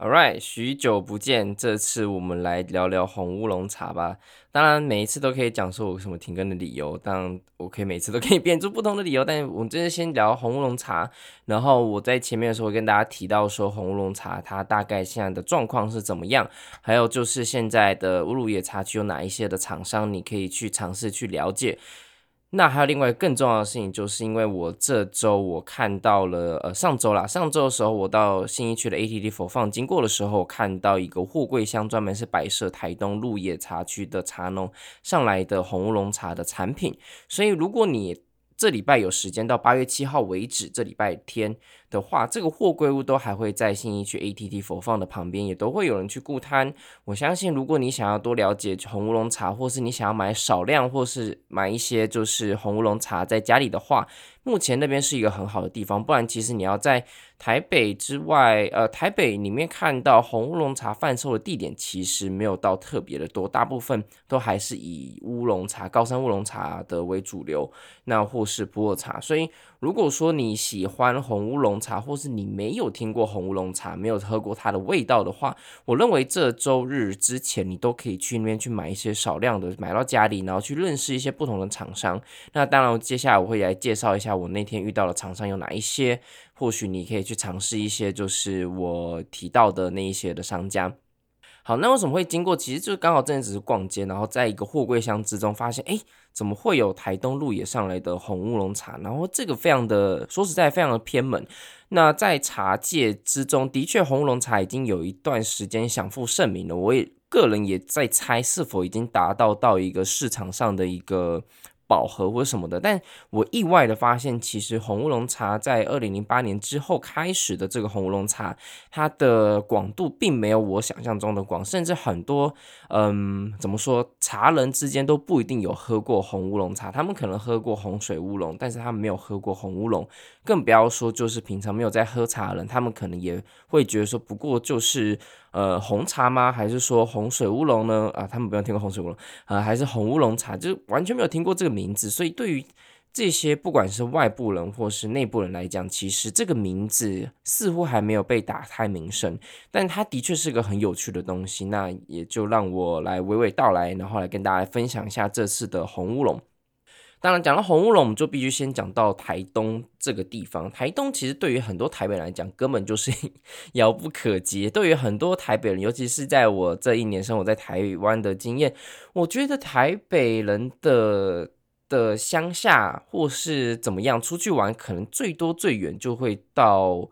Alright，許久不見，這次我們來聊聊紅烏龍茶吧。當然，每一次都可以講說我有什麼停更的理由，當然我可以每次都可以變出不同的理由。但是我們今天先聊紅烏龍茶。然後我在前面的時候跟大家提到說，紅烏龍茶它大概現在的狀況是怎麼樣，還有就是現在的鹿野茶區有哪一些的廠商，你可以去嘗試去了解。那還有另外更重要的事情，就是因為我這周我看到了，呃，上周啦，上周的時候我到信義區的 ATT4Fun 經過的時候，看到一個貨櫃箱，專門是擺設台東鹿野茶區的茶農上來的紅烏龍茶的產品。所以，如果你這禮拜有時間，到八月七號為止，這禮拜天。的話，這個貨櫃屋都還會在信義區 ATT4Fun 的旁邊，也都會有人去顧攤。我相信，如果你想要多了解紅烏龍茶，或是你想要買少量，或是買一些就是紅烏龍茶在家裡的話，目前那邊是一個很好的地方。不然，其實你要在台北之外，呃，台北裡面看到紅烏龍茶販售的地點，其實沒有到特別的多，大部分都還是以烏龍茶、高山烏龍茶的為主流，那或是普洱茶，所以。如果說你喜歡紅烏龍茶，或是你沒有聽過紅烏龍茶、沒有喝過它的味道的話，我認為這周日之前你都可以去那邊去買一些少量的，買到家裡，然後去認識一些不同的廠商。那當然，接下來我會來介紹一下我那天遇到的廠商有哪一些，或許你可以去嘗試一些，就是我提到的那一些的商家。好，那為什麼會經過？其實就剛好真的只是逛街，然後在一個貨櫃箱之中發現，哎、欸，怎麼會有台東鹿野上來的紅烏龍茶？然後這個非常的說實在，非常的偏門。那在茶界之中，的確紅烏龍茶已經有一段時間享負盛名了。我也個人也在猜，是否已經達到到一個市場上的一個。飽和或者什麼的，但我意外的發現，其實紅烏龍茶在二零零八年之後開始的這個紅烏龍茶，它的廣度並沒有我想象中的廣，甚至很多，嗯，怎麼說，茶人之間都不一定有喝過紅烏龍茶，他們可能喝過紅水烏龍，但是他們沒有喝過紅烏龍，更不要說就是平常沒有在喝茶的人，他們可能也會覺得說，不過就是。呃，紅茶嗎？還是說紅水烏龍呢？啊，他們沒有聽過紅水烏龍啊，還是紅烏龍茶，就是完全沒有聽過這個名字。所以對於這些不管是外部人或是內部人來講，其實這個名字似乎還沒有被打開名聲，但它的確是個很有趣的東西。那也就讓我來娓娓道來，然後來跟大家分享一下這次的紅烏龍。當然，講到紅烏龍，我們就必須先講到台東這個地方。台東其實對於很多台北人來講，根本就是遙 不可及。對於很多台北人，尤其是在我這一年生活在台灣的經驗，我覺得台北人的的鄉下或是怎麼樣出去玩，可能最多最遠就會到。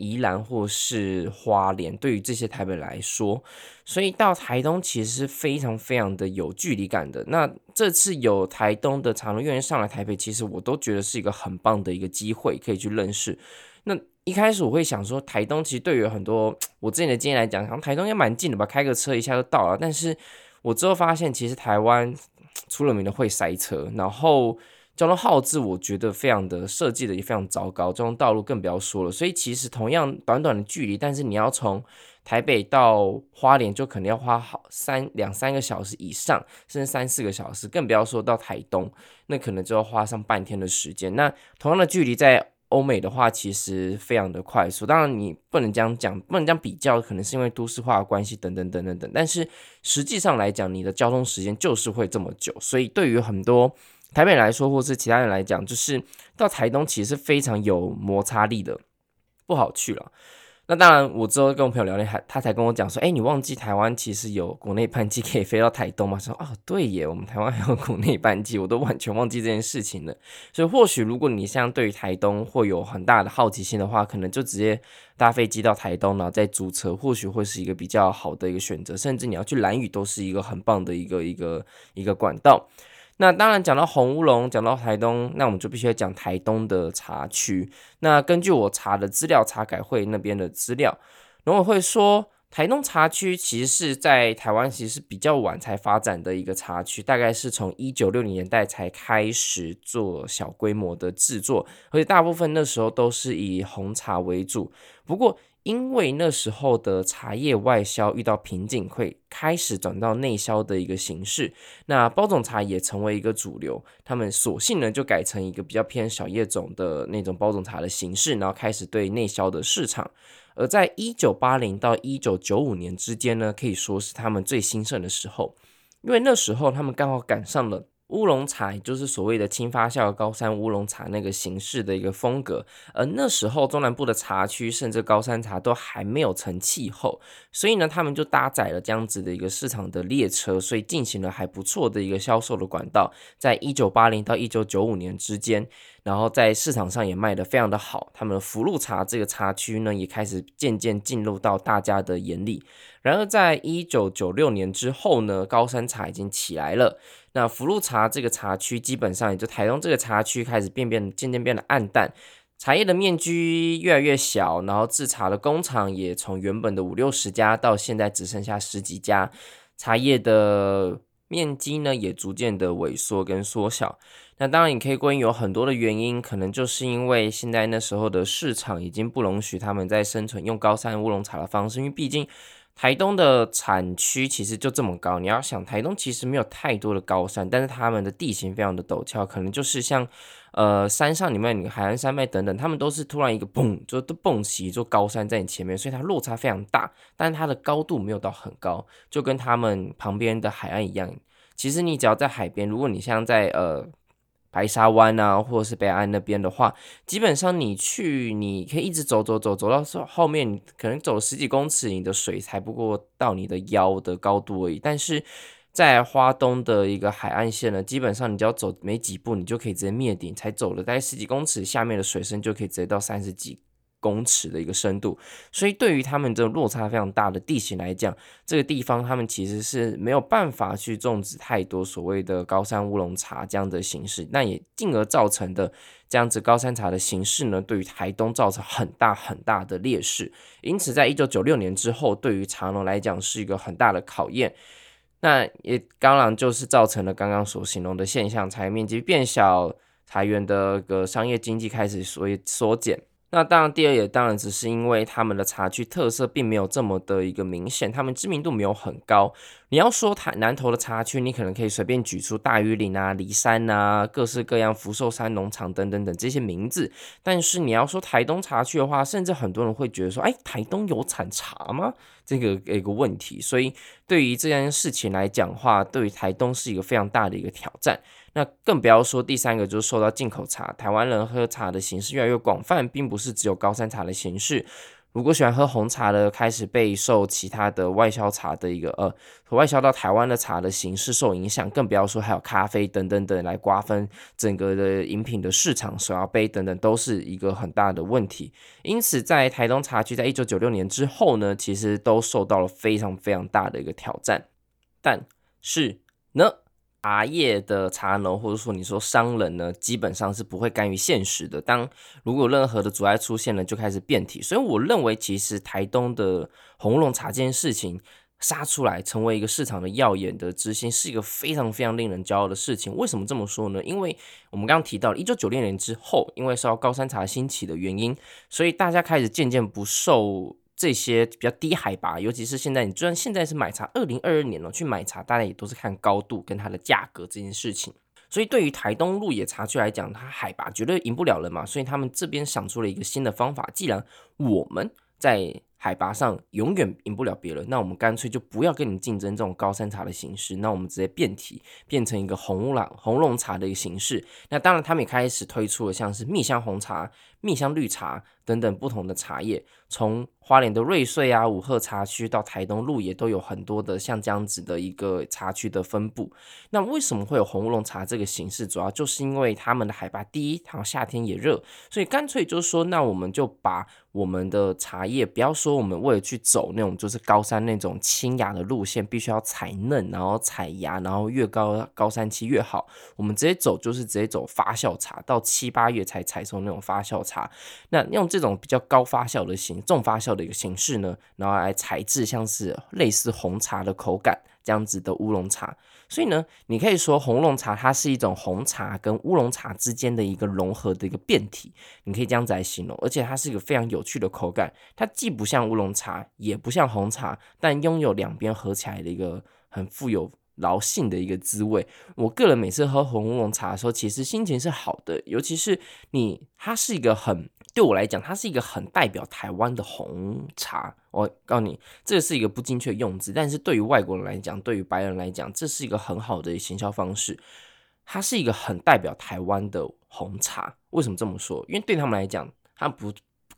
宜蘭或是花蓮，對於這些台北來說，所以到台東其實是非常非常的有距離感的。那這次有台東的常榮願意上來台北，其實我都覺得是一個很棒的一個機會，可以去認識。那一開始我會想說，台東其實對於很多我自己的經驗來講，好像台東也蠻近的吧，開個車一下就到了。但是我之後發現，其實台灣出了名的會塞車，然後。交通號誌，我覺得非常的設計的也非常糟糕。交通道路更不要說了，所以其實同樣短短的距離，但是你要從台北到花蓮，就可能要花好三兩三個小時以上，甚至三四個小時，更不要說到台東，那可能就要花上半天的時間。那同樣的距離在歐美的話，其實非常的快速。當然你不能這樣講，不能這樣比較，可能是因為都市化的關係等等等等等。但是實際上來講，你的交通時間就是會這麼久。所以對於很多。台北來說，或是其他人來講，就是到台東其實是非常有摩擦力的，不好去了。那當然，我之後跟我朋友聊天，他他才跟我講說：“哎、欸，你忘記台灣其實有國內班機可以飛到台東嗎？”說：“哦，對耶，我們台灣還有國內班機，我都完全忘記這件事情了。”所以，或許如果你像對於台東會有很大的好奇心的話，可能就直接搭飛機到台東，然後再租車，或許會是一個比較好的一個選擇。甚至你要去蘭嶼，都是一個很棒的一個一個一個管道。那當然，講到紅烏龍，講到台東，那我們就必須要講台東的茶區。那根據我查的資料，茶改會那邊的資料，然後我會說，台東茶區其實是在台灣，其實是比較晚才發展的一個茶區，大概是從一九六零年代才開始做小規模的製作，而且大部分那時候都是以紅茶為主。不過，因為那時候的茶葉外銷遇到瓶頸，會開始轉到內銷的一個形式。那包種茶也成為一個主流，他們索性呢，就改成一個比較偏小葉種的那種包種茶的形式，然後開始對內銷的市場。而在一九八零到一九九五年之間呢，可以說是他們最興盛的時候，因為那時候他們剛好趕上了。烏龍茶也就是所謂的輕發酵高山烏龍茶那個形式的一個風格，而那時候中南部的茶區甚至高山茶都還沒有成氣候，所以呢，他們就搭載了這樣子的一個市場的列車，所以進行了還不錯的一個銷售的管道，在一九八零到一九九五年之間，然後在市場上也賣得非常的好，他們的福鹿茶這個茶區呢也開始漸漸進入到大家的眼裡，然而在一九九六年之後呢，高山茶已經起來了。那福鹿茶這個茶區，基本上也就台東這個茶區開始變變，漸漸變得暗淡，茶葉的面積越來越小，然後製茶的工廠也從原本的五六十家到現在只剩下十幾家，茶葉的面積呢也逐漸的萎縮跟縮小。那當然，你可以關於有很多的原因，可能就是因為現在那時候的市場已經不容許他們再生存用高山烏龍茶的方式，因為畢竟。台東的產區其實就這麼高，你要想台東其實沒有太多的高山，但是它們的地形非常的陡峭，可能就是像，呃，山上裡面你海岸山脈等等，它們都是突然一個蹦，就都蹦起一座高山在你前面，所以它落差非常大，但是它的高度沒有到很高，就跟它們旁邊的海岸一樣。其實你只要在海邊，如果你像在呃。白沙灣啊，或者是北岸那邊的話，基本上你去，你可以一直走走走，走到後面，可能走十幾公尺，你的水才不過到你的腰的高度而已。但是在花東的一個海岸線呢，基本上你只要走沒幾步，你就可以直接滅頂，才走了大概十幾公尺，下面的水深就可以直接到三十幾，公尺的一個深度，所以對於他們這種落差非常大的地形來講，這個地方他們其實是沒有辦法去種植太多所謂的高山烏龍茶這樣的形式，那也進而造成的這樣子高山茶的形式呢，對於台東造成很大很大的劣勢。因此，在一九九六年之後，對於茶農來講是一個很大的考驗。那也當然就是造成了剛剛所形容的現象，茶園面積變小，茶園的個商業經濟開始所以縮減。那當然，第二也當然只是因為他們的茶區特色並沒有這麼的一個明顯，他們知名度沒有很高。你要說南投的茶區，你可能可以隨便舉出大禹嶺啊、梨山啊、各式各樣福壽山農場等等等這些名字。但是你要說台東茶區的話，甚至很多人會覺得說，哎、欸，台東有產茶嗎？這個一個問題。所以對於這件事情來講的話，對於台東是一個非常大的一個挑戰。那更不要說第三個，就是受到進口茶，台灣人喝茶的形式越來越廣泛，並不是只有高山茶的形式，如果喜歡喝紅茶的，開始備受其他的外銷茶的一個呃，和外銷到台灣的茶的形式受影響。更不要說還有咖啡等等等來瓜分整個的飲品的市場，手搖杯等等都是一個很大的問題。因此，在台東茶區，在一九九六年之後呢，其實都受到了非常非常大的一個挑戰。但是呢，茶、啊、葉的茶農，或者說你說商人呢，基本上是不會甘於現實的。當如果任何的阻礙出現了，就開始變體。所以我認為，其實台東的紅烏龍茶這件事情殺出來，成為一個市場的耀眼的之星，是一個非常非常令人驕傲的事情。為什麼這麼說呢？因為我們剛剛提到，一九九六年之後，因為受到高山茶興起的原因，所以大家開始漸漸不受。這些比較低海拔，尤其是現在，你就算現在是買茶，二零二二年哦，去買茶，大家也都是看高度跟它的價格這件事情。所以對於台東鹿野茶區來講，它海拔絕對贏不了人嘛，所以他們這邊想出了一個新的方法，既然我們在海拔上永遠贏不了別人，那我們乾脆就不要跟你競爭這種高山茶的形式，那我們直接變體，變成一個紅烏紅烏龍茶的一個形式。那當然，他們也開始推出了像是蜜香紅茶、蜜香綠茶。等等不同的茶葉，從花蓮的瑞穗啊、舞鶴茶區到台東鹿野都有很多的像這樣子的一個茶區的分布。那為什麼會有紅烏龍茶這個形式？主要就是因為他們的海拔低，然後夏天也熱，所以乾脆就是說，那我們就把我們的茶葉，不要說我們為了去走那種就是高山那種清雅的路線，必須要採嫩，然後採芽，然後越高高山區越好，我們直接走就是直接走發酵茶，到七八月才採收那種發酵茶。那用這。這種比較高發酵的形、重發酵的一個形式呢，然後來採製像是類似紅茶的口感這樣子的烏龍茶，所以呢，你可以說紅烏龍茶它是一種紅茶跟烏龍茶之間的一個融合的一個變體，你可以這樣子來形容，而且它是一個非常有趣的口感，它既不像烏龍茶，也不像紅茶，但擁有兩邊合起來的一個很富有勞性的一個滋味。我個人每次喝紅烏龍茶的時候，其實心情是好的，尤其是你，它是一個很。對我來講，它是一個很代表台灣的紅茶。我告訴你，這是一個不精確的用字。但是對於外國人來講，對於白人來講，這是一個很好的行銷方式。它是一個很代表台灣的紅茶。為什麼這麼說？因為對他們來講，他們不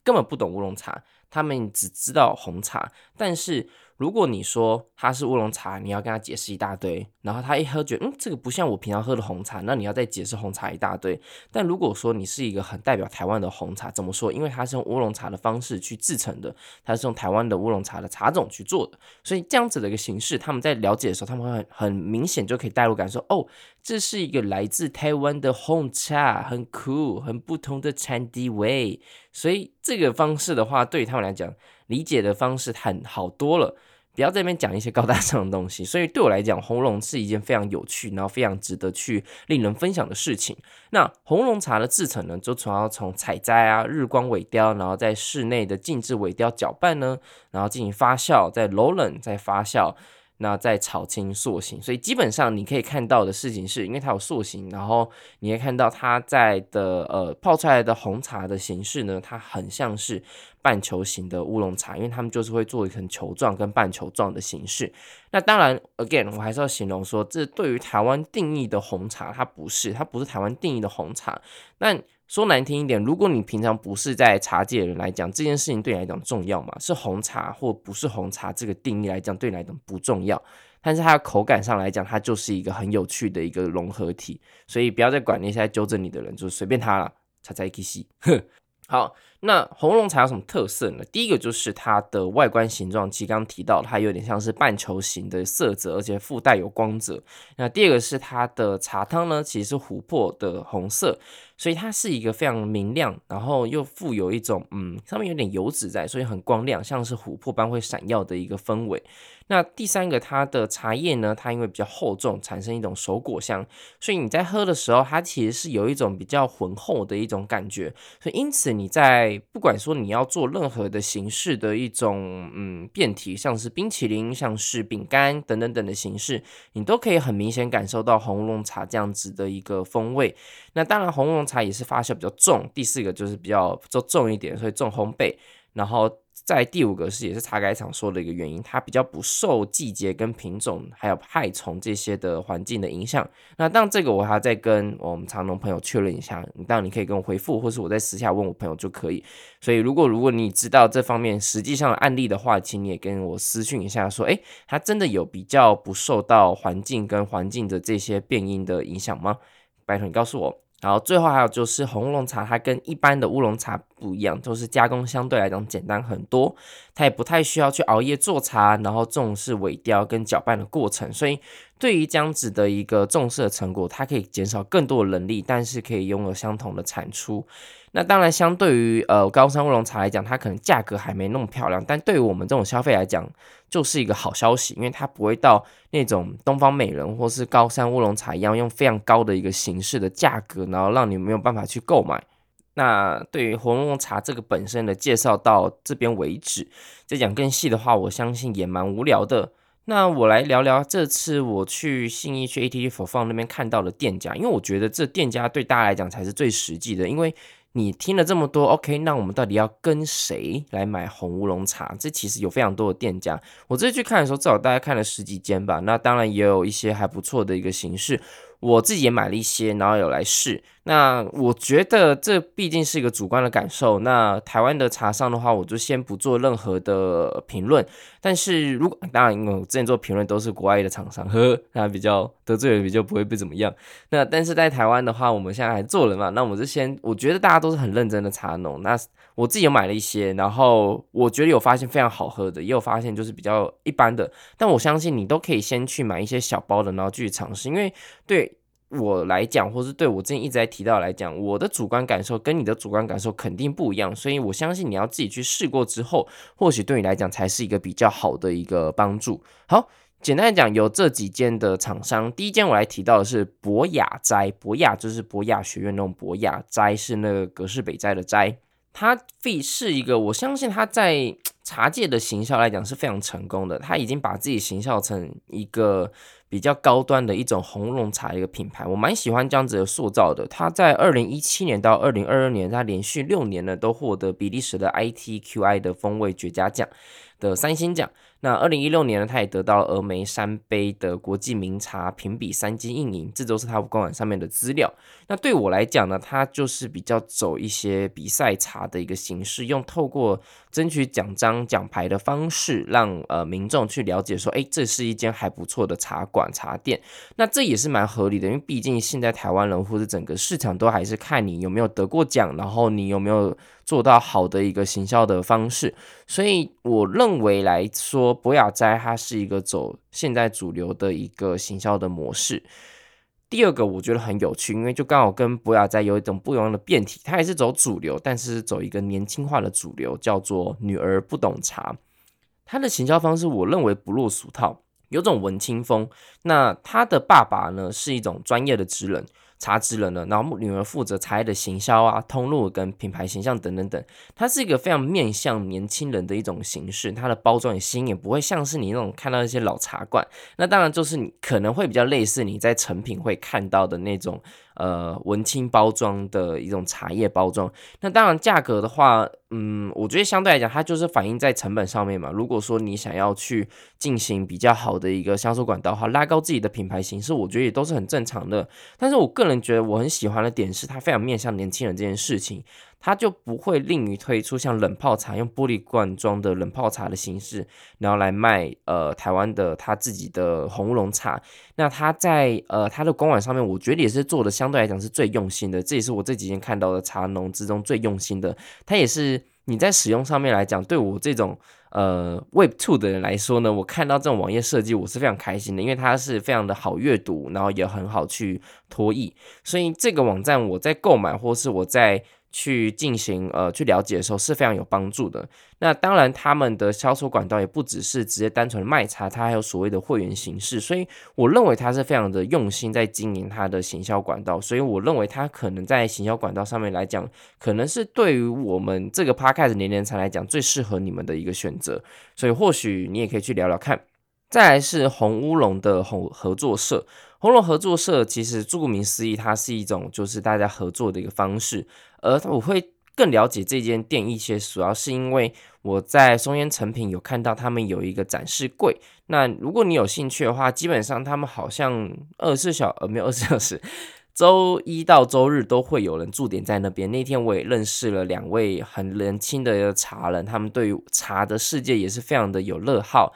根本不懂烏龍茶，他們只知道紅茶。但是如果你說它是烏龍茶，你要跟他解釋一大堆，然後他一喝覺得嗯，這個不像我平常喝的紅茶，那你要再解釋紅茶一大堆。但如果說你是一個很代表台灣的紅茶，怎麼說？因為它是用烏龍茶的方式去製成的，它是用台灣的烏龍茶的茶種去做的，所以這樣子的一個形式，他們在了解的時候，他們會很很明顯就可以帶入感受哦，這是一個來自台灣的紅茶，很 cool，很不同的 trendy way。所以這個方式的話，對於他們來講，理解的方式很好多了。不要這邊講一些高大上的東西，所以對我來講，紅烏龍是一件非常有趣，然後非常值得去令人分享的事情。那紅烏龍茶的製程呢，就主要從採摘啊、日光萎凋，然後在室內的靜置萎凋攪拌呢，然後進行發酵，在樓冷再發酵。那再炒青塑形，所以基本上你可以看到的事情是，因為它有塑形，然後你也看到它在的呃泡出來的紅茶的形式呢，它很像是半球形的烏龍茶，因為他們就是會做一層球狀跟半球狀的形式。那當然，again，我還是要形容說，這對於台灣定義的紅茶，它不是，它不是台灣定義的紅茶。那說難聽一點，如果你平常不是在茶界的人來講，這件事情對你來講重要嗎？是紅茶或不是紅茶這個定義來講，對你來講不重要。但是它的口感上來講，它就是一個很有趣的一個融合體。所以不要再管那些糾正你的人，就隨便他了。茶在繼哼好，那紅烏龍茶有什麼特色呢？第一個就是它的外觀形狀，其實剛剛提到它有點像是半球形的色澤，而且附帶有光澤。那第二個是它的茶湯呢，其實是琥珀的紅色。所以它是一個非常明亮，然後又富有一種嗯，上面有點油脂在，所以很光亮，像是琥珀般會閃耀的一個氛圍。那第三個，它的茶葉呢，它因為比較厚重，產生一種熟果香，所以你在喝的時候，它其實是有一種比較渾厚的一種感覺。所以因此你在不管說你要做任何的形式的一種嗯變體，像是冰淇淋、像是餅乾等等等的形式，你都可以很明顯感受到紅烏龍茶這樣子的一個風味。那當然，紅烏龍。它也是發酵比較重，第四個就是比較做重一點，所以重烘焙。然後在第五個是也是茶改場說的一個原因，它比較不受季節、跟品種、還有害蟲這些的環境的影響。那當然這個我還要再跟我們茶農朋友確認一下，你當然你可以跟我回復，或是我在私下問我朋友就可以。所以如果如果你知道這方面實際上的案例的話，請你也跟我私訊一下說，說、欸、誒它真的有比較不受到環境跟環境的這些變因的影響嗎？拜託你告訴我。然後最後還有就是紅烏龍茶，它跟一般的烏龍茶不一樣，就是加工相對來講簡單很多，它也不太需要去熬夜做茶，然後重視萎凋跟攪拌的過程，所以。對於這樣子的一個重視的成果，它可以減少更多的人力，但是可以擁有相同的產出。那當然，相對於呃高山烏龍茶來講，它可能價格還沒那麼漂亮，但對於我們這種消費來講，就是一個好消息，因為它不會到那種東方美人或是高山烏龍茶一樣，用非常高的一個形式的價格，然後讓你沒有辦法去購買。那對於紅烏龍茶這個本身的介紹到這邊為止，再講更細的話，我相信也蠻無聊的。那我來聊聊這次我去信義區 ATT4Fun 那邊看到的店家，因為我覺得這店家對大家來講才是最實際的。因為你聽了這麼多，OK，那我們到底要跟誰來買紅烏龍茶？這其實有非常多的店家，我這次去看的時候至少大概看了十幾間吧。那當然也有一些還不錯的一個形式。我自己也買了一些，然後有來試。那我覺得這畢竟是一個主觀的感受。那台灣的茶商的話，我就先不做任何的評論。但是如果當然，因為我之前做評論都是國外的廠商，呵、呵，他比較得罪人，比較不會被怎麼樣。那但是在台灣的話，我們現在還做人嘛，那我們就先，我覺得大家都是很認真的茶農，那。我自己有買了一些，然後我覺得有發現非常好喝的，也有發現就是比較一般的。但我相信你都可以先去買一些小包的，然後繼續嘗試。因為對我來講，或是對我之前一直在提到來講，我的主觀感受跟你的主觀感受肯定不一樣。所以我相信你要自己去試過之後，或許對你來講才是一個比較好的一個幫助。好，簡單來講，有這幾間的廠商。第一間我來提到的是博雅齋，博雅就是博雅學院那種博雅，齋是那個葛飾北齋的齋。它非是一個，我相信他在茶界的行銷來講是非常成功的。他已經把自己行銷成一個比較高端的一種紅烏龍茶的一個品牌，我蠻喜歡這樣子的塑造的。他在二零一七年到二零二二年，他連續六年呢都獲得比利時的 ITQI 的風味絕佳獎的三星獎。那二零一六年呢，他也得到峨眉山杯的國際名茶評比三金一銀。這都是他官網上面的資料。那對我來講呢，他就是比較走一些比賽茶的一個形式，用透過。爭取獎章獎牌的方式讓，讓呃民眾去了解說，哎、欸，這是一間還不錯的茶館茶店。那這也是蠻合理的，因為畢竟現在台灣人或者整個市場都還是看你有沒有得過獎，然後你有沒有做到好的一個行銷的方式。所以我認為來說，博雅齋它是一個走現在主流的一個行銷的模式。第二個我覺得很有趣，因為就剛好跟博雅在有一種不一樣的變體，他還是走主流，但是走一個年輕化的主流，叫做女兒不懂茶。他的行銷方式我認為不落俗套，有種文青風。那他的爸爸呢，是一種專業的職人。茶之人呢，然後女兒負責茶葉的行銷啊、通路跟品牌形象等等等，它是一個非常面向年輕人的一種形式，它的包裝也新，也不會像是你那種看到一些老茶罐。那當然就是你可能會比較類似你在誠品會看到的那種呃文青包裝的一種茶葉包裝。那當然價格的話。嗯，我覺得相對來講，它就是反映在成本上面嘛。如果說你想要去進行比較好的一個銷售管道的話，拉高自己的品牌形式，我覺得也都是很正常的。但是我個人覺得我很喜歡的點是，它非常面向年輕人這件事情，它就不會吝於推出像冷泡茶用玻璃罐裝的冷泡茶的形式，然後來賣呃台灣的他自己的紅烏龍茶。那他在呃他的官網上面，我覺得也是做的相對來講是最用心的，這也是我這幾天看到的茶農之中最用心的。他也是。你在使用上面來講，對我這種呃 Web Two 的人來說呢，我看到這種網頁設計，我是非常開心的，因為它是非常的好閱讀，然後也很好去拖曳。所以這個網站我在購買或是我在。去進行呃去了解的時候是非常有幫助的。那當然，他們的銷售管道也不只是直接單純的賣茶，它還有所謂的會員形式。所以我認為他是非常的用心在經營他的行銷管道。所以我認為他可能在行銷管道上面來講，可能是對於我們這個 Podcast 年齡層來講，最適合你們的一個選擇。所以或許你也可以去聊聊看。再來是紅烏龍的紅合作社。紅龍合作社其實顧名思義，它是一種就是大家合作的一個方式。而我會更了解這間店一些，主要是因為我在松菸誠品有看到他們有一個展示櫃。那如果你有興趣的話，基本上他們好像二十四小呃沒有二十四小時，週一到週日都會有人駐點在那邊。那天我也認識了兩位很年輕的茶人，他們對於茶的世界也是非常的有樂好。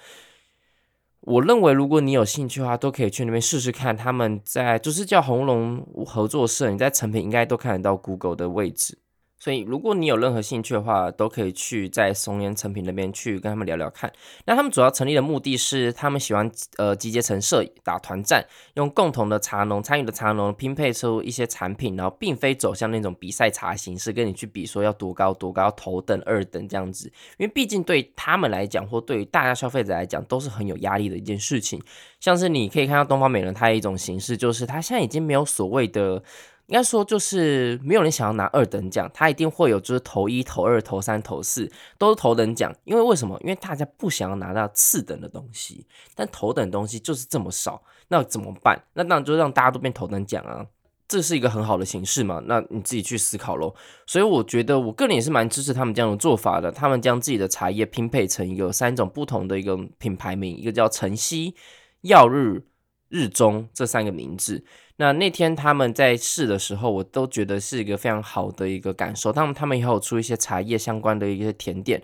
我認為，如果你有興趣的話，都可以去那邊試試看。他們在就是叫紅龍合作社，你在成品應該都看得到 Google 的位置。所以，如果你有任何興趣的話，都可以去在松菸誠品那邊去跟他們聊聊看。那他們主要成立的目的是，他們喜歡呃集結成社打團戰，用共同的茶農參與的茶農拼配出一些產品，然後並非走向那種比賽茶形式，跟你去比說要多高多高，頭等二等這樣子。因為畢竟對他們來講，或對於大家消費者來講，都是很有壓力的一件事情。像是你可以看到東方美人，它的一種形式就是它現在已經沒有所謂的。應該說就是沒有人想要拿二等獎，他一定會有就是頭一、頭二、頭三、頭四都是頭等獎，因為爲什麼？因為大家不想要拿到次等的東西，但頭等東西就是這麼少，那怎麼辦？那當然就讓大家都變頭等獎啊，這是一個很好的形式嘛，那你自己去思考咯。所以我覺得我個人也是蠻支持他們這樣的做法的。他們將自己的茶葉拼配成有三種不同的一個品牌名，一個叫晨曦、耀日、日中這三個名字，那那天他們在試的時候，我都覺得是一個非常好的一個感受。他們他們也有出一些茶葉相關的一些甜點，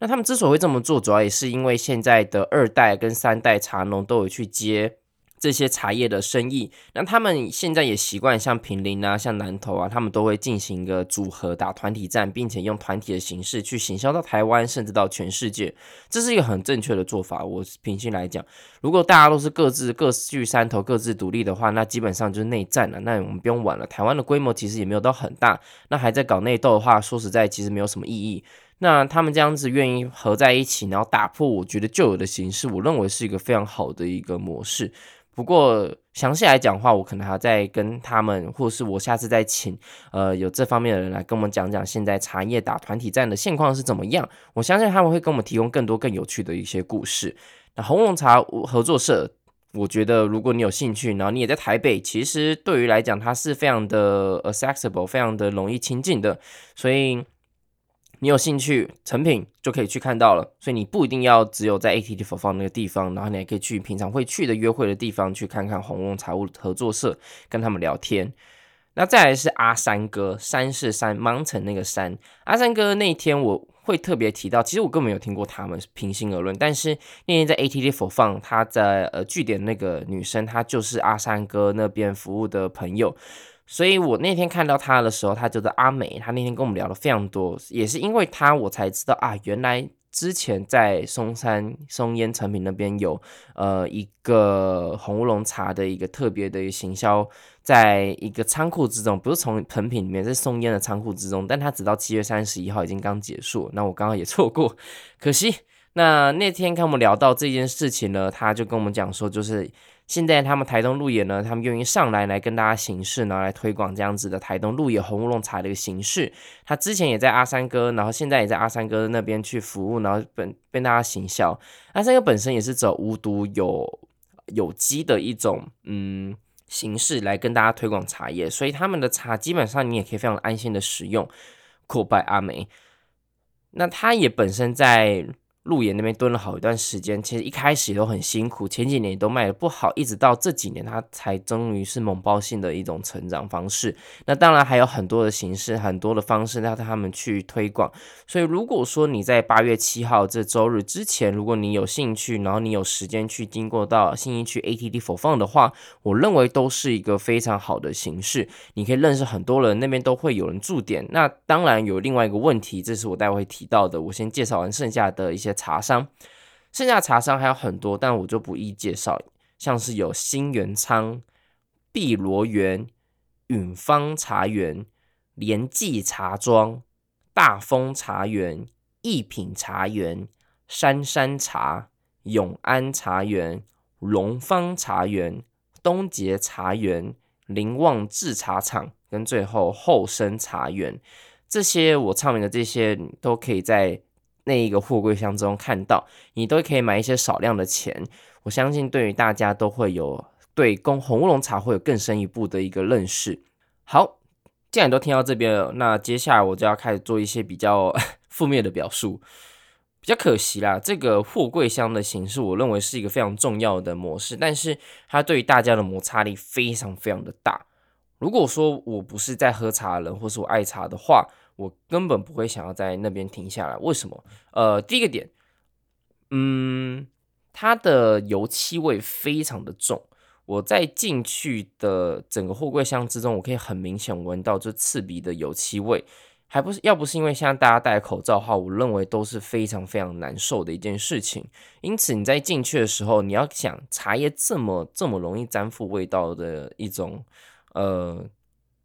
那他們之所以會這麼做，主要也是因為現在的二代跟三代茶農都有去接。這些茶葉的生意，那他們現在也習慣像坪林啊、像南投啊，他們都會進行一個組合打團體戰，並且用團體的形式去行銷到台灣，甚至到全世界。這是一個很正確的做法。我平心來講，如果大家都是各自各據山頭、各自獨立的話，那基本上就是內戰了。那我們不用玩了。台灣的規模其實也沒有到很大，那還在搞內鬥的話，說實在其實沒有什麼意義。那他們這樣子願意合在一起，然後打破我覺得舊有的形式，我認為是一個非常好的一個模式。不過詳細來講的話，我可能還要再跟他們，或是我下次再請，呃，有這方面的人來跟我們講講現在茶葉打團體戰的現況是怎麼樣。我相信他們會給我們提供更多更有趣的一些故事。那紅烏龍茶合作社，我覺得如果你有興趣，然後你也在台北，其實對於來講它是非常的 accessible，非常的容易親近的，所以。你有興趣成品就可以去看到了，所以你不一定要只有在 ATT4Fun 那個地方，然後你還可以去平常會去的約會的地方去看看紅紅財務合作社，跟他們聊天。那再來是阿山哥，山是山 mountain 那個山，阿山哥那天我會特別提到，其實我根本沒有聽過他們，平心而論，但是那天在 ATT4Fun，他在呃據點那個女生，她就是阿山哥那邊服務的朋友。所以我那天看到他的時候，他就是阿美，他那天跟我們聊了非常多，也是因為他我才知道啊，原來之前在松山松菸誠品那邊有呃一個紅烏龍茶的一個特別的一個行銷，在一個倉庫之中，不是從誠品裡面，在松菸的倉庫之中，但他直到七月三十一號已經剛結束，那我剛剛也錯過，可惜。那那天跟我們聊到這件事情呢，他就跟我們講說就是。現在他們台東鹿野呢，他們願意上來來跟大家形式呢，然後來推廣這樣子的台東鹿野紅烏龍茶的一個形式。他之前也在阿三哥，然後現在也在阿三哥那邊去服務，然後本被大家行銷。阿三哥本身也是走無毒有有機的一種嗯形式來跟大家推廣茶葉，所以他們的茶基本上你也可以非常安心的使用。酷拜阿梅，那他也本身在。鹿野那邊蹲了好一段時間，其實一開始都很辛苦，前幾年都賣的不好，一直到這幾年它才終於是猛爆性的一種成長方式。那當然還有很多的形式，很多的方式讓他們去推廣。所以如果說你在八月七號這周日之前，如果你有興趣，然後你有時間去經過到信義區 ATT4Fun 的話，我認為都是一個非常好的形式。你可以認識很多人，那邊都會有人駐點。那當然有另外一個問題，這是我待會兒會提到的。我先介紹完剩下的一些。茶商，剩下茶商還有很多，但我就不一一介紹，像是有新元昌、碧螺園、允芳茶園、聯記茶莊、大豐茶園、一品茶園、山山茶、永安茶園、龍方茶園、東杰茶園、林旺製茶廠，跟最後後生茶園，這些我唱名的這些都可以在。那一個貨櫃箱中看到，你都可以買一些少量的錢，我相信對於大家都會有對供紅烏龍茶會有更深一步的一個認識。好，既然都聽到這邊了，那接下來我就要開始做一些比較負 面的表述。比較可惜啦，這個貨櫃箱的形式，我認為是一個非常重要的模式，但是它對於大家的摩擦力非常非常的大。如果說我不是在喝茶的人，或是我愛茶的話。我根本不會想要在那邊停下來，為什麼？呃，第一個點，嗯，它的油漆味非常的重，我在進去的整個貨櫃箱之中，我可以很明顯聞到這刺鼻的油漆味，還不是要不是因為現在大家戴口罩的話，我認為都是非常非常難受的一件事情。因此你在進去的時候，你要想茶葉這麼這麼容易沾附味道的一種呃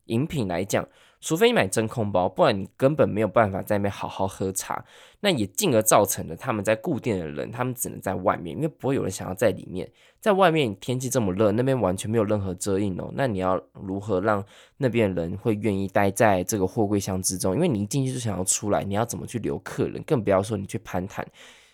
飲品來講。除非你買真空包，不然你根本沒有辦法在那邊好好喝茶。那也進而造成了他們在固定的人，他們只能在外面，因為不會有人想要在裡面。在外面天氣這麼熱，那邊完全沒有任何遮蔭哦、喔。那你要如何讓那邊的人會願意待在這個貨櫃箱之中？因為你一進去就想要出來，你要怎麼去留客人？更不要說你去攀談，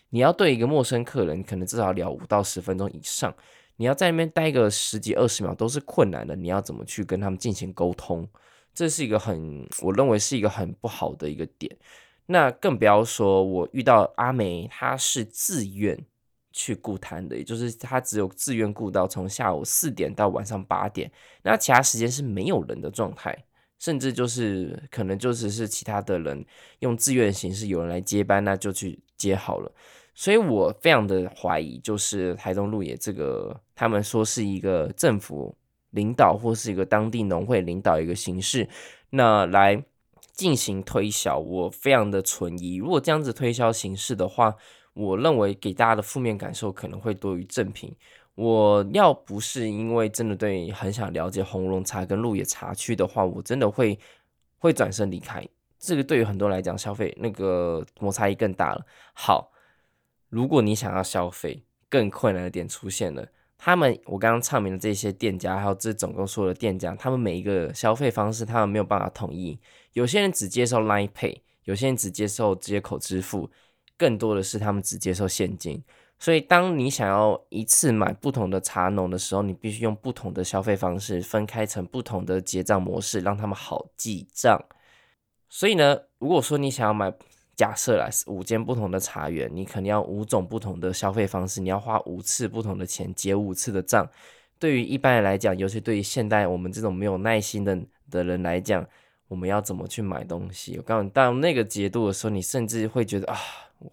你要對一個陌生客人，可能至少聊五到十分鐘以上。你要在那邊待個十幾二十秒都是困難的，你要怎麼去跟他們進行溝通？這是一個很，我認為是一個很不好的一個點。那更不要說，我遇到阿梅，她是自願去顧攤的，也就是她只有自願顧到從下午四點到晚上八點，那其他時間是沒有人的狀態，甚至就是可能就只是其他的人用自願形式，有人來接班，那就去接好了。所以我非常的懷疑，就是台東鹿野這個，他們說是一個政府。領導或是一個當地農會領導一個形式，那來進行推銷，我非常的存疑。如果這樣子推銷形式的話，我認為給大家的負面感受可能會多於正評。我要不是因為真的對很想了解紅烏龍茶跟鹿野茶區的話，我真的會會轉身離開。這個對於很多來講，消費那個摩擦力更大了。好，如果你想要消費，更困難的點出現了。他們我剛剛唱名的這些店家，還有這總共所有的店家，他們每一個消費方式，他們沒有辦法統一。有些人只接受 Line Pay，有些人只接受街口支付，更多的是他們只接受現金。所以，當你想要一次買不同的茶農的時候，你必須用不同的消費方式，分開成不同的結賬模式，讓他們好記賬。所以呢，如果說你想要買，假設來五間不同的茶園，你可能要五種不同的消費方式，你要花五次不同的錢，結五次的賬。對於一般人來講，尤其對於現代我們這種沒有耐心的的人來講，我們要怎麼去買東西？我告訴你，到那個節度的時候，你甚至會覺得啊，我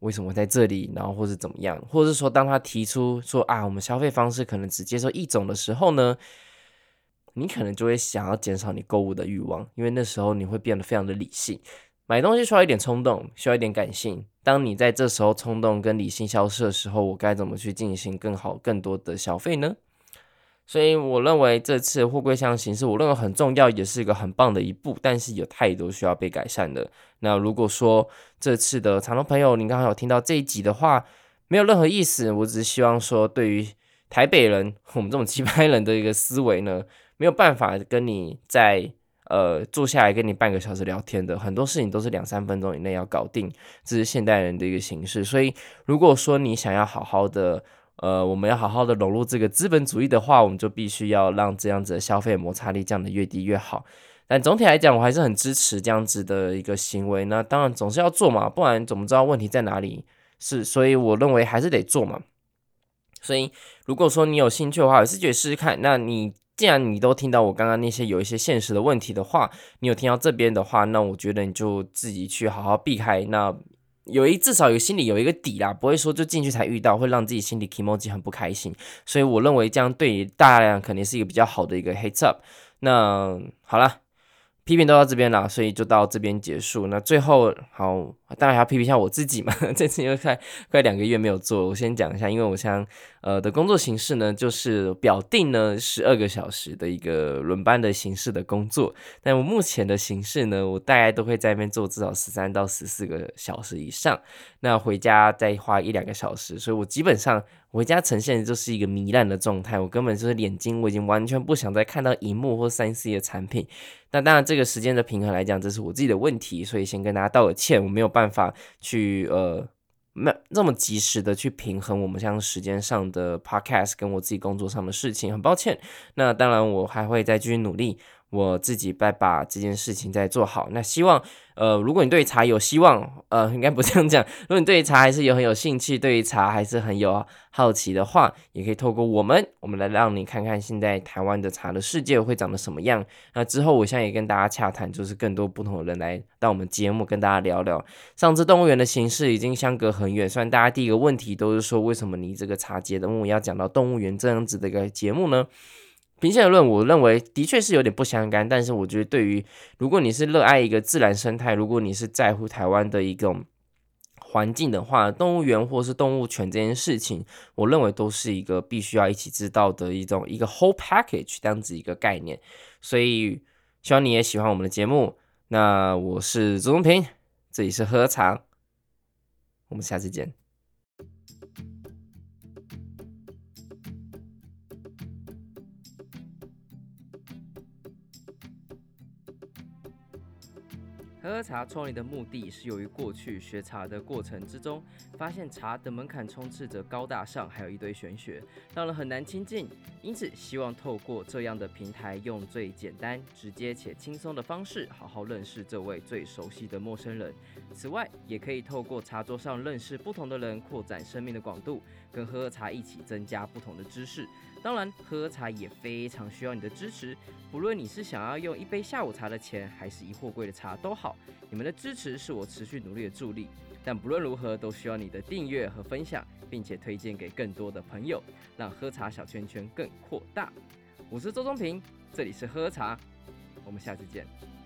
為什麼在這裡？然後或是怎麼樣？或者說，當他提出說啊，我們消費方式可能只接受一種的時候呢，你可能就會想要減少你購物的欲望，因為那時候你會變得非常的理性。買東西需要一點衝動，需要一點感性。當你在這時候衝動跟理性消失的時候，我該怎麼去進行更好、更多的消費呢？所以我認為這次貨櫃箱形式，我認為很重要，也是一個很棒的一步。但是有太多需要被改善的。那如果說這次的長隆朋友，你剛好有聽到這一集的話，沒有任何意思。我只是希望說，對於台北人，我們這種奇葩人的一個思維呢，沒有辦法跟你在。呃，坐下來跟你半個小時聊天的很多事情都是兩三分鐘以內要搞定，這是現代人的一個形式。所以，如果說你想要好好的，呃，我們要好好的融入這個資本主義的話，我們就必須要讓這樣子的消費的摩擦力降得越低越好。但總體來講，我還是很支持這樣子的一個行為。那當然總是要做嘛，不然怎麼知道問題在哪裡？是，所以我認為還是得做嘛。所以，如果說你有興趣的話，我也是覺得試試看。那你。既然你都聽到我剛剛那些有一些現實的問題的話，你有聽到這邊的話，那我覺得你就自己去好好避開。那有一至少有心裡有一個底啦，不會說就進去才遇到，會讓自己心裡 emo 起很不開心。所以我認為這樣對你大量肯定是一個比較好的一個 heads up 那。那好啦。批評都到這邊了，所以就到這邊結束。那最後好，當然還要批評一下我自己嘛。呵呵，這次因為快快兩個月沒有做，我先講一下，因為我現在呃的工作形式呢，就是表定呢十二個小時的一個輪班的形式的工作。但我目前的形式呢，我大概都會在那邊做至少十三到十四個小時以上，那回家再花一兩個小時，所以我基本上。我回家呈現的就是一個糜爛的狀態，我根本就是眼睛，我已經完全不想再看到熒幕或三 C 的產品。那當然，這個時間的平衡來講，這是我自己的問題，所以先跟大家道個歉，我沒有辦法去呃，沒那麼及時的去平衡我們像時間上的 Podcast 跟我自己工作上的事情，很抱歉。那當然，我還會再繼續努力。我自己再把這件事情再做好。那希望，呃，如果你對茶有希望，呃，應該不這樣講。如果你對茶還是有很有興趣，對於茶還是很有好奇的話，也可以透過我們，我們來讓你看看現在台灣的茶的世界會長得什麼樣。那之後，我想也跟大家洽談，就是更多不同的人來到我們節目跟大家聊聊。上次動物園的形式已經相隔很遠，雖然大家第一個問題都是說，為什麼你這個茶的節目要講到動物園這樣子的一個節目呢？平行的論，我認為的確是有點不相干，但是我覺得對於如果你是熱愛一個自然生態，如果你是在乎台灣的一種環境的話，動物園或是動物權這件事情，我認為都是一個必須要一起知道的一種一個 whole package 這樣子一個概念。所以希望你也喜歡我們的節目。那我是周中平，這裡是喝茶，我們下次見。呵呵茶創立的目的是由於過去學茶的過程之中，發現茶的門檻充斥着高大上，還有一堆玄學，讓人很難親近。因此，希望透過這樣的平臺，用最簡單、直接且輕鬆的方式，好好認識這位最熟悉的陌生人。此外，也可以透過茶桌上認識不同的人，擴展生命的廣度，跟喝喝茶一起增加不同的知識。當然，喝喝茶也非常需要你的支持，不論你是想要用一杯下午茶的錢，還是一貨櫃的茶都好，你們的支持是我持續努力的助力。但不論如何，都需要你的訂閱和分享，並且推薦給更多的朋友，讓呵呵茶小圈圈更擴大。我是周中平，這裡是呵呵茶，我們下次見。